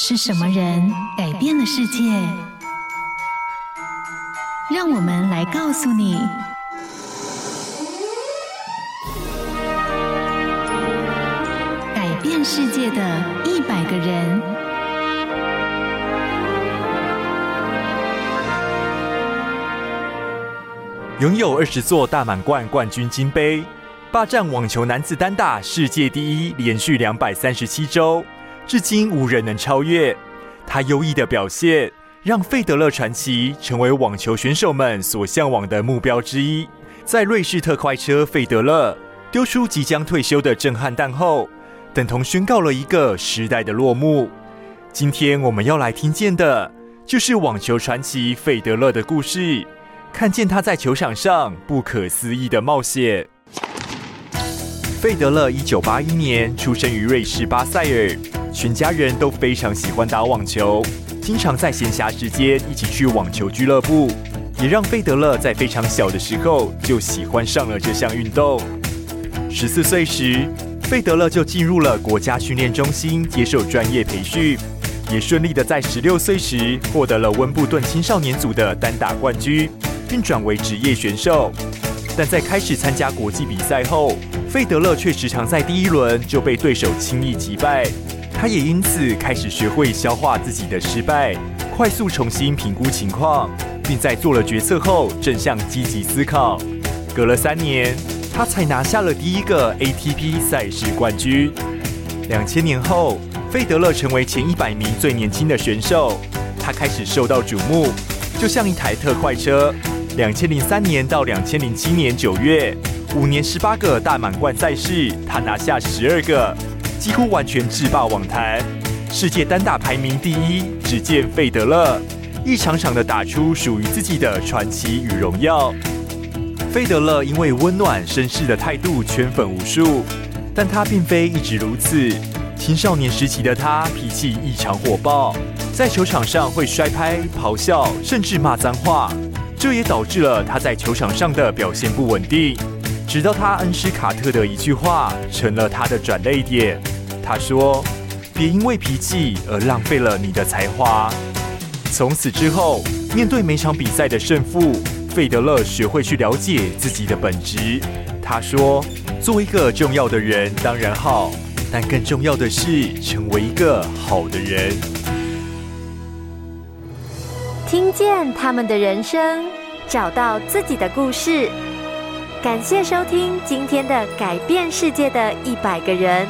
是什麼人改變了世界？讓我們來告訴你：改變世界的一百個人，擁有二十座大滿貫冠軍金盃，霸占網球男子單打世界第一，連續兩百三十七周。至今無人能超越他優異的表現，讓費德勒傳奇成為網球選手們所嚮往的目標之一。在瑞士特快車費德勒丟出即將退休的震撼彈後，等同宣告了一個時代的落幕。今天我們要來聽見的就是網球傳奇費德勒的故事，看見他在球場上不可思議的冒險。費德勒一九八一年出生於瑞士巴塞爾。全家人都非常喜歡打網球，經常在閒暇時間一起去網球俱樂部，也讓費德勒在非常小的時候就喜歡上了這項運動。十四歲時，費德勒就進入了國家訓練中心接受專業培訓，也順利的在十六歲時獲得了溫布頓青少年組的單打冠軍，並轉為職業選手。但在開始參加國際比賽後，費德勒卻時常在第一輪就被對手輕易擊敗。他也因此開始學會消化自己的失敗，快速重新評估情況，並在做了決策後正向積極思考。隔了三年，他才拿下了第一個 ATP 賽事冠軍。兩千年後，費德勒成為前一百名最年輕的選手，他開始受到矚目，就像一台特快車。兩千零三年到兩千零七年九月，五年十八個大滿貫賽事，他拿下十二個。幾乎完全制霸網壇，世界單打排名第一，只見費德勒一場場地打出屬於自己的傳奇與榮耀。費德勒因為溫暖紳士的態度圈粉無數，但他並非一直如此。青少年時期的他脾氣異常火爆，在球場上會摔拍、咆哮，甚至罵髒話，這也導致了他在球場上的表現不穩定。直到他恩師卡特的一句話成了他的轉捩點。他說：“別因為脾氣而浪費了你的才華。”從此之後，面對每場比賽的勝負，費德勒學會去了解自己的本質。他說：“做一個重要的人當然好，但更重要的是成為一個好的人。”聽見他們的人生，找到自己的故事。感謝收聽今天的《改變世界的一百個人》。